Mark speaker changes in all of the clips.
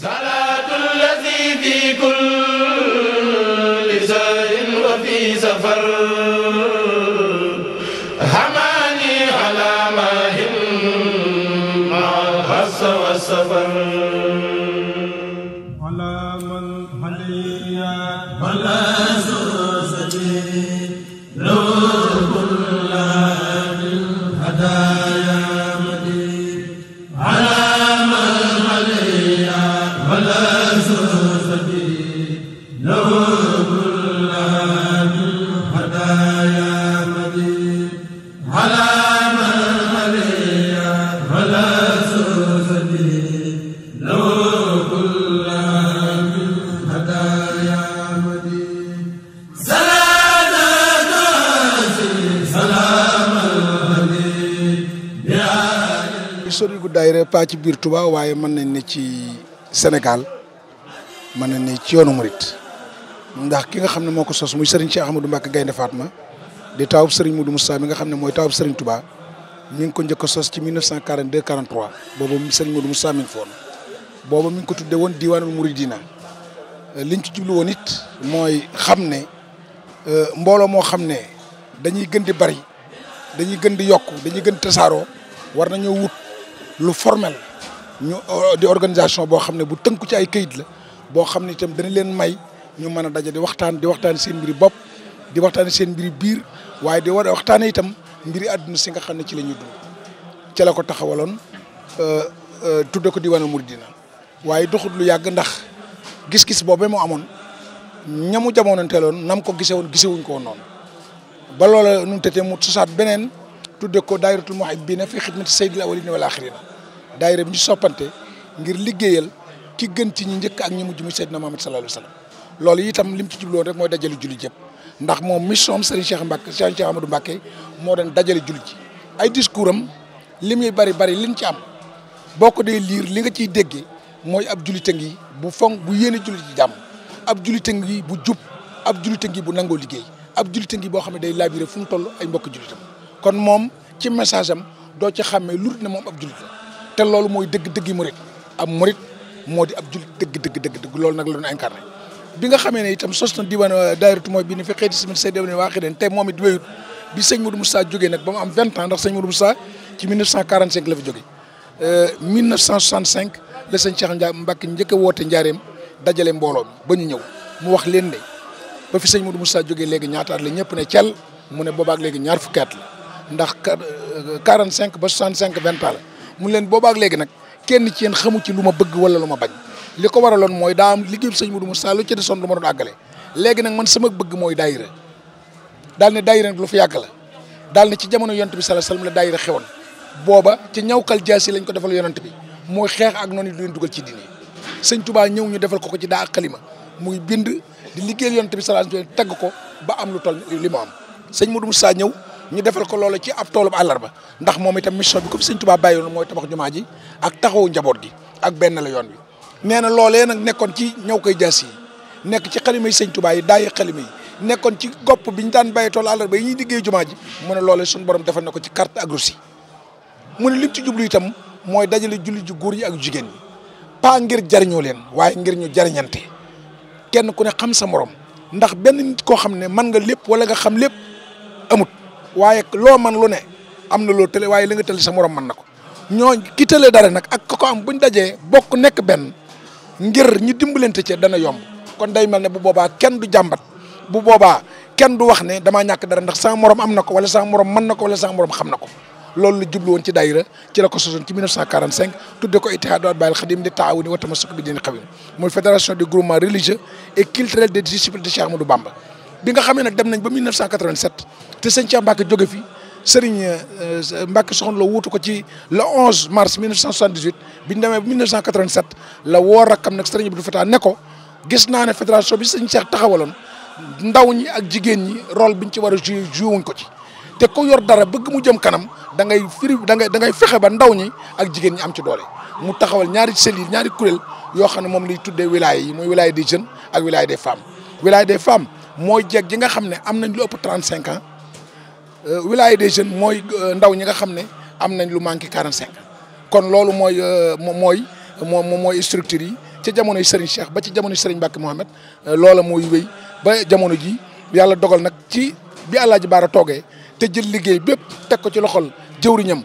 Speaker 1: صلاة الذي في كل سهر وفي سفر حماني على هم مع الحس والسفر على من
Speaker 2: historique gu daayira pas ci biir Touba waaye mën nañ ne ci Sénégal mën nañ ne ci yoonu Mouride ndax ki nga xam ne moo ko sos muy Serigne Cheikh xamadu Mbacké Gaynde Fatma di taawub Serigne Modou Moussa mi nga xam ne mooy taawub Serigne Touba mi ngi ko njëkk a sos ci 1942 43 boobu Serigne Modou Moussa mi ngi foon boobu mi ngi ko tudde woon diwaanul Mouridina liñ ci jublu woon it mooy xam ne. Euh, mbooloo moo xam ne dañuy gën di bari dañuy gën di yokk dañuy gën di tasaaroo war nañoo wut lu formel ñu euh, di organisation boo xam ne bu tënku ci ay kayit la boo xam ne itam dana leen may ñu mën a daja di waxtaan di waxtaan seen mbir bopp di waxtaan seen mbir biir waaye di war a waxtaanee itam mbiri àdduna si nga xam ne ci la ñu dund ci la ko taxawaloon euh, tudde ko diwaanu Muridina waaye doxut lu yàgg ndax gis-gis boobee moo amoon. ñamu jamono teeloon nam ko gisee woon gisewuñ ko woon noonu ba loola nu te tëtee mu susaat beneen tudde ko daayiratul muhibbina fi xidmati sayyidil awwalina wal axirina daayira bi ñu soppante ngir liggéeyal ki gën ci ñi njëkk ak ñi mujj mu Seydina Muhammad sallallahu alayhi wa sallam loolu itam lim ci jubloon rek mooy dajale julli jëpp ndax moom mission am Serigne Cheikh Mbacke Serigne Cheikh Amadou Mbacke moo doon dajale julli ji ay discours am li muy bari bari lim ci am boo ko dee liir li nga ciy déggee mooy ab jullite ngi bu fonk bu yéene julli ji jàmm ab julite ngi bu jub ab julite ngi bu nangoo liggéey ab julite ngi boo xam ne day labiré fu mu toll ay mbokk julitam kon moom ci message am doo ci xàmmee lu na moom ab julit te loolu mooy dëgg-dëgg murit ab murit moo di ab julit dëgg dëgg dëgg dëgg loolu nag la doon incarné bi nga xamee ne itam sos na diwaan euh, daayiratu mooy bi ni fi xëy si say dem waa xi deen te moom it wéyut bi sëñ Modou Moussa jógee nag ba mu am vingt ans ndax sëñ Modou Moussa ci 1945 la fi jógee 1965 euh, la sëñ Cheikh Ndiaye Mbacke njëkk woote njaareem dajale mbooloon ba ñu ñëw mu wax leen ne ba fi sëñ Modou saa jóge léegi ñaataat la ñëpp ne cel mu ne boobaak léegi ñaar fukki at la ndax euh, quarante cinq ba soixante cinq vingt ans la mu leen boobaak léegi nag kenn ci yéen xamu ci lu ma bëgg wala lu ma bañ li ko waraloon mooy daa am liggéeyu sëñ mu saa lu ci desoon lu ma doon àggale léegi nag man sama bëgg mooy daayira daal ne daayira nag lu fi yàgg la daal ne ci jamono yonent bi saa alayhi wasallam la daayira xewoon booba ci ñawkal jaasi lañ ko defal yonent bi mooy xeex ak noonu yi dugal ci diine sëñ tubaa ñëw ñu defal ko ko ci daa ak xalima muy bind di liggéeyal yonent bi sallallahu alayhi wasallam tagg ko ba am lu toll li mu am sëñ Modou Moussa ñëw ñu defal ko loole ci ab toolu àllarba ndax moom itam mission bi ko fi sëñ Touba bàyyoon mooy tabax jumaa ji ak taxawu njaboot gi ak benn la yoon wi nee na loolee nag nekkoon ci ñëw koy jaas yi nekk ci xalima yi sëñ yi daayi xalima nekkoon ci gopp bi ñu daan bàyyi toolu àllarba yi ñuy liggéey jumaa ji mu ne loole suñu borom defal na ko ci carte ak Russie mu ne lim ci jublu itam mooy dajale julli ju góor yi ak jigéen ñi paa ngir jariñoo leen waaye ngir ñu jariñante kenn ku ne xam sa morom ndax benn nit koo xam ne mën nga lépp wala nga xam lépp amut waaye loo man lu ne am na loo tële waaye li nga tële sa moroom mën na ko ñoo ki tële dara nag ak ko am buñ dajee bokk nekk benn ngir ñu dimbalante cee dana yomb kon day mel ne bu boobaa kenn du jàmbat bu boobaa kenn du wax ne damaa ñàkk dara ndax sama morom am na ko wala sama morom mën na ko wala sama moroom xam na ko loolu la jublu woon ci daayira ci la ko sosoon ci 1945 tudde ko Ittihaadu Atbaa'il Xaadim li taawuni wa tamassuk bi diinil qawiim mooy fédération des groupements religieux et culturels des disciples de Cheikh Ahmadou Bamba bi nga xamee nag dem nañ ba 1987 te sëñ Cheikh Mbacke jóge fi Serigne euh, euh, Mbacke Soxna la wuutu ko ci le 11 mars 1978 bi ñu demee ba 1987 la woo rakkam nag Serigne Abdou Fatah ne ko gis naa ne fédération bi sëñ Cheikh taxawaloon ndaw ñi ak jigéen ñi rôle biñ ci war a joué wuñ ko ci. te ko yor dara bëgg mu jëm kanam dangay ngay firi da ngay da ngay fexe ba ndaw ñi ak jigéen ñi am ci doole mu taxawal ñaari cellules ñaari kuréel yoo xam ne moom lay tuddee wilaya yi mooy wilaya des jeunes ak wilaya des femmes wilaya des femmes mooy jeeg ji nga xam ne am nañ lu ëpp trente cinq ans euh, wilaya des jeunes mooy euh, ndaw ñi nga xam ne am nañ lu manqué quarante cinq kon loolu mooy euh, mooy moom mooy structure yi ca jamono Serigne Cheikh ba ci jamono Serigne Mbacke Mohamed loola mooy wéy ba jamono ji yàlla dogal nag ci bi Alaaji Baara toogee te jël liggéey bépp teg ko ci loxol jëwriñam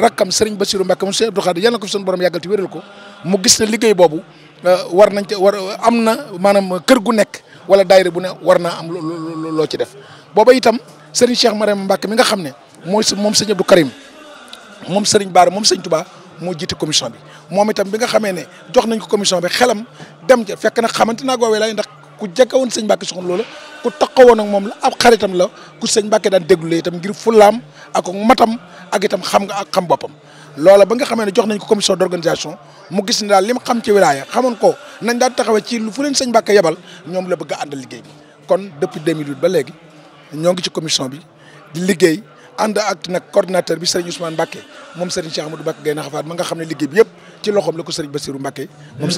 Speaker 2: rakam Serigne Bassirou Mbacké mu Cheikh Abdou Khadre yàlla ko fi suñu borom yagal te wéral ko mu gis na liggéey bobu euh, war nañ ci war amna manam kër gu nekk wala daayira bu ne war naa am lo ci def booba itam Serigne Cheikh Mariam Mbacké mi nga xamne moy mom Serigne Abdou Karim mom Serigne bar mom Serigne Touba mo jitté commission bi mom itam bi nga xamé né jox nañ ko commission bi xelam dem ja fekk na xamante naa goowee ndax ku jekkawoon sëñ Mbacke soxna loola ku taxawoon ak moom la ab xaritam la ku sëñ Mbacke daan déglu itam ngir fulaam ak matam ak itam xam nga ak xam boppam. loola ba nga xamee ne jox nañ ko commission d'organisation mu gis ne daal li mu xam ci wilaya xamoon ko nañ daan taxawee ci lu fu leen sëñ Mbacke yebal ñoom la bëgg a liggéey bi kon depuis 2008 ba léegi ñoo ngi ci commission bi di liggéey. ànd ak nag coordinateur bi Serigne Ousmane Mbacke moom Serigne Cheikh Amadou Mbacke Gaye na xafaat ma nga xam ne liggéey bi yëpp ci loxoom la ko Serigne Bassirou Mbacke moom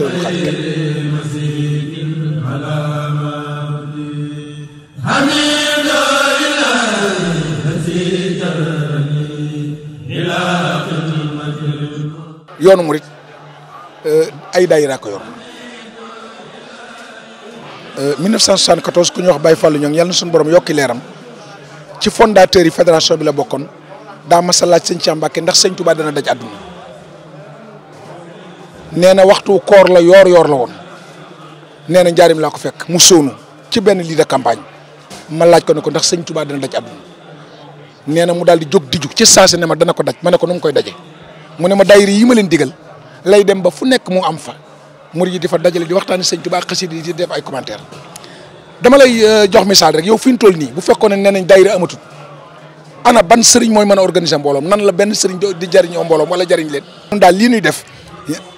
Speaker 2: yoonu murit eh, ay daayira ko yor 1974 eh, ku ñuy wax Baye Fallou ñoom yàlla na borom yokki leeram ci fondateur yi fédération bi la bokkoon daa masa laaj sëñ Cheikh Mbacke ndax sëñ Touba dana daj àdduna nee na waxtu koor la yoor yoor la woon nee na njaarim laa ko fekk mu sóonu ci benn lii de campagne ma laaj ko ne ko ndax sëñ Touba dana daj àdduna nee na mu daal di jóg di jug ci saasi ne ma dana ko daj ma ne ko nu mu koy daje mu ne ma daayira yi ma leen digal lay dem ba fu nekk mu am fa mur yi di fa dajale di waxtaani sëñ Touba xasida yi di def ay commentaire dama lay euh, jox misaal rek yow fi ñu toll nii bu fekkoon ne nee nañ daayira amatul ana ban sëriñ mooy mën a organiser mbooloom nan la benn sëriñ di jariñoo mbooloom wala jariñ leen. daal lii ñuy def.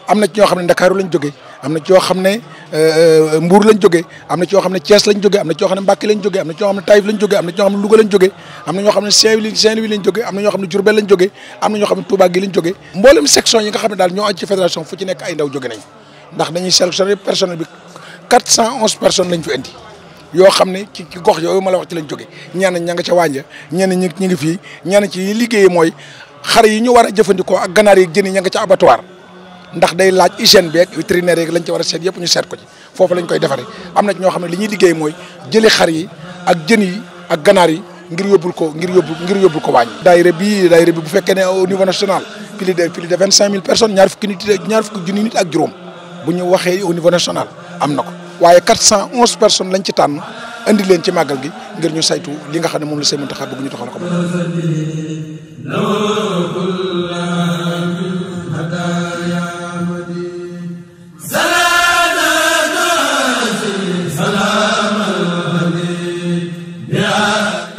Speaker 2: am na ci ñoo xam ne ndakaaru lañ jógee am na ci yoo xam ne mbuur lañ jógee am na ci yoo xam ne Thiès lañ lañ jógee am na ci ñoo xam ne Taïf lañ jógee am na ci ñoo xam ne Louga lañ jógee am na ñoo xam ne Saint-Louis Saint-Louis lañ jógee am na ñoo xam ne Diourbel lañ jógee xam ne Touba gi lañ jógee mboolem section yi nga xam ne daal ñoo aj fédération fu ci nekk ay ndaw jóge nañ ndax dañuy sélectionné personnel bi 411 personnes lañ fi indi yoo xam ne ci gox yooyu ma ci lañ jóge ñenn ña nga ca wàñña ñenn ñi ñi ngi fii ñenn ci liggéey mooy xar yi ñu war a jëfandikoo ak ganaar yi jën yi ña nga ca abattoir ndax day laaj hygiène beeg vétérinaire yeeg lañ ci war a seet yëpp ñu seet ko ci foofu lañ koy defaree am na ci ñoo ne li ñuy liggéey mooy jëli xar yi ak jën yi ak ganaar yi ngir yóbbul ko ngir yóbbu ngir yóbbul ko wàññi. daayira bi daayira bi bu fekkee ne au niveau national plus de plus de vingt cinq mille personnes ñaar fukki nit junni nit ak juróom bu ñu waxee au niveau national am na ko waaye quatre cent onze personnes lañ ci tànn indi leen ci màggal gi ngir ñu saytu li nga xam ne moom la Sëñ Muntaxa bëgg ñu doxal ko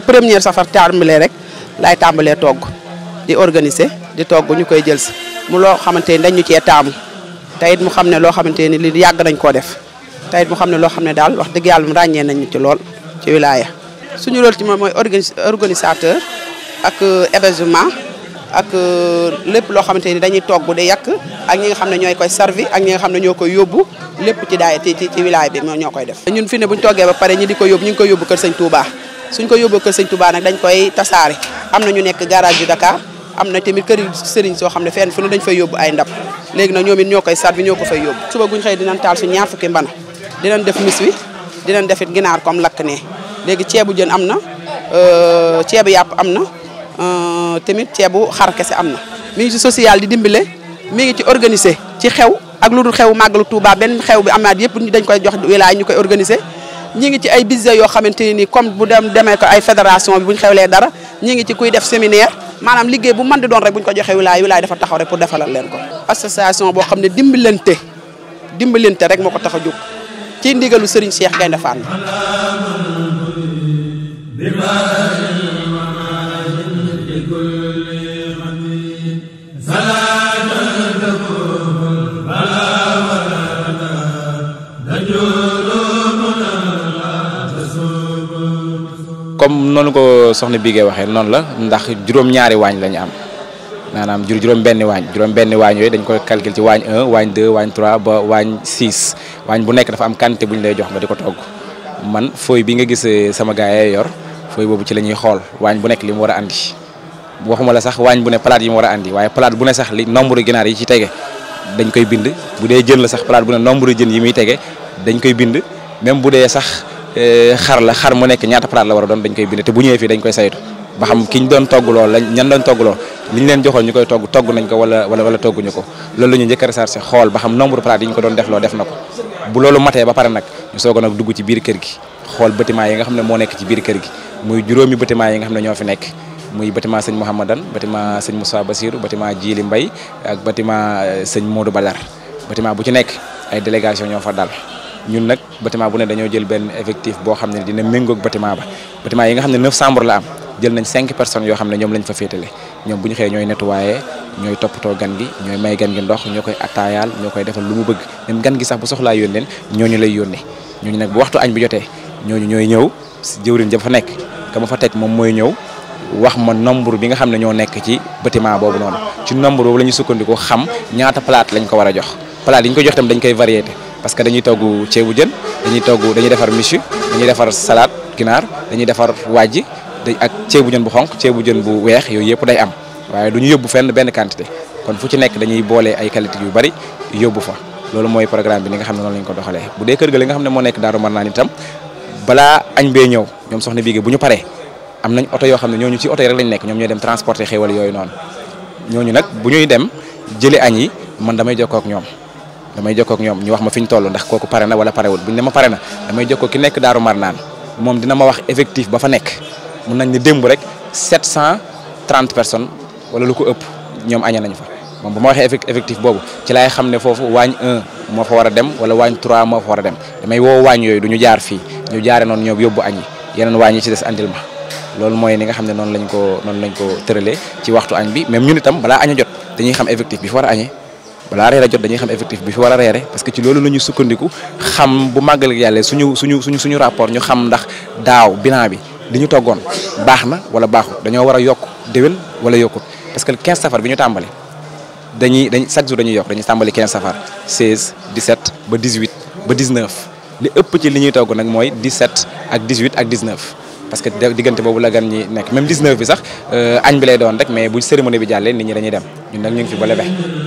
Speaker 1: première safar tàmbalee rek laay tàmbalee togg di organiser di togg ñu koy jël si mu loo xamante dañ ñu cee taamu tey it mu xam ne loo xamante ni li yàgg nañ koo def tey it mu xam ne loo xam ne daal wax dëgg yàlla mu ràññee nañu ci lool ci wilaaya suñu loolu ci moom mooy organisateur ak euh, hébergement ak euh, lépp loo xamante ni dañuy togg di yàq ak ñi nga xam ne ñooy koy servi ak ñi nga xam ne ñoo koy yóbbu lépp ci daay ci ci wilaay bi ñoo koy def. ñun fi ñu toggee ko yóbbu ñu ngi koy yóbbu Kër Sëñ Touba suñ ko yóbboo kër sëñ Touba nag dañ koy tasaare am na ñu nekk garage yu Dakar am na tamit kër sëriñ soo xam ne fenn fu ne dañ fa yóbbu ay ndab léegi nag ñoom it ñoo koy sat bi ñoo ko fay yóbbu suba guñ xëy dinañ taal su ñaar fukki mbana dinañ def mis wi dinañ defit ginaar comme lakk ne léegi ceebu jën am na euh, ceebu yàpp am na euh, tamit ceebu xar kese am na mi social di dimbale mi ngi ci organiser ci xew ak lu dul xew màggalu Touba benn xew bi am amaat yëpp dañ koy jox wilaay ñu koy organiser ñi ngi ci ay budget yoo xamante ne nii comme bu dem demee ko ay fédération bu ñu xewlee dara ñi ngi ci kuy def séminaire maanaam liggéey bu man di doon rek bu ñu ko joxee wilaay wilaay dafa taxaw rek pour defalal leen ko. association boo xam ne dimbalante dimbalante rek moo ko tax a jóg ci ndigalu Serigne Cheikh Gaynde Fatma. salaamaaleykum.
Speaker 3: comme noonu ko soxna Bigué waxee non la ndax juróom-ñaari waañ la ñu am maanaam jur juróom-benni waañ juróom-benni waañ yooyu dañ koy calcul ci waañ 1 waañ 2 waañ 3 ba waañ 6 waañ bu nekk dafa am quantité bu lay jox nga di togg man foy bi nga gis eh, sama gaay yor fooy boobu ci la ñuy xool bu nekk li mu andi waxuma la sax waañ bu ne palaat yi mu andi waaye palaat bu ne sax li nombre ginaar yi ci tege dañ koy bind bu dee jën la sax palaat bu ne nombre jën yi muy tege dañ koy bind même bu dee sax Eh, xar la xar mu nekk ñaata palaat la war a doon dañ koy bind te bu ñëwee fii dañ koy saytu ba xam ki ñu doon togg lool lañ ñan doon togg ñu leen joxoon ñu koy togg togg nañ ko wala wala wala togguñu ko loolu la ñu njëkk a recherché xool ba xam nombre palaat yi ñu ko doon def loo def na ko bu loolu matee ba pare nag ñu soog a dugg ci biir kër gi xool bâtiment yi nga xam ne moo nekk ci biir kër gi muy juróomi bâtiment yi nga xam ne ñoo fi nekk muy bâtiment sëñ Mouhamadan bâtiment sëñ Moussa Bassirou bâtiment Djili Mbaye ak bâtiment eh, sëñ Modou Balar bâtiment bu ci nekk ay délégation ñoo fa dal ñun nag bâtiment bu ne dañoo jël benn effectif boo xam ne dina méngoog bâtiment ba bâtiment yi nga xam ne neuf chambres la am jël nañ cinq personnes yoo xam ne ñoom lañ fa féetale ñoom bu ñu xëyee ñooy nettoyé ñooy toppatoo gan gi ñooy may gan gi ndox ñoo koy attaayaal ñoo koy defal lu mu bëgg même gan gi sax bu soxlaa yónneen ñooñu lay yónnee ñooñu nag bu waxtu añ bi jotee ñooñu ñooy ñëw si jëwriñ ja fa nekk ka ma fa teg moom mooy ñëw wax ma nombre bi nga xam ne ñoo nekk ci bâtiment boobu noonu ci nombre boobu la ñu sukkandiku xam ñaata palaat lañ ko war a jox plate yi ñu ko jox tam dañ koy variété parce que dañuy togu ciewu jeun dañuy togu dañuy défar michu dañuy défar salade ginar dañuy défar waaji ak ciewu jeun bu xonk ciewu jeun bu wex yoy yep day am waye duñu yobbu fenn benn quantité kon fu ci nek dañuy bolé ay qualité yu bari yobbu fa lolu moy programme bi ni nga xam non lañ ko doxalé bu dee kër ga li nga xam mo nek daru daaru tam bala itam balaa añ bee soxna bi bu buñu paré am nañ auto yo xam ne ci auto rek lañ nek ñom ñoy dem transporter xéewal yoy non ñooñu nag bu dem jëli añ yi man damay jokk ak ñom damay jokkook ñoom ñu wax ma fi ñu toll ndax kooku pare na wala parewul buñ ne ma pare na damay jokkoo ki nekk daaru marnaan moom dina ma wax effectif ba fa nekk mun nañ ne démb rek 730 personnes wala lu ko ëpp ñoom aña nañ fa moom bu ma waxee effectif boobu ci laay xam ne foofu waañ 1 moo fa war a dem wala waañ 3 moo fa war a dem damay woo waañ yooyu du jaar fii ñu jaare noonu ñoom yóbbu añ yi yeneen ci des andil ma loolu mooy ni nga xam ne noonu lañ ko noonu lañ ko tëralee ci waxtu añ bi même ñun itam balaa aña jot dañuy xam effectif bi fa war a balaa reer a jot dañuy xam effectif bi fi war a reere parce que ci loolu la ñu sukkandiku xam bu màggal yàlla suñu suñu suñu suñu rapport ñu xam ndax daaw bilan bi li ñu toggoon baax na wala baaxut dañoo war a yokk déwén wala yokkut parce que 15 safar bi ñu tàmbali dañuy dañ chaque jour dañuy yokk dañuy tàmbali 15 safar 16 17 ba 18 ba 19 li ëpp ci li ñuy togg nag mooy 17 ak 18 ak 19. parce que diggante boobu la gan ñi nekk même 19 bi sax euh, añ bi lay doon rek mais bu cérémonie bi jàllee nit ñi dañuy dem ñun nag ñu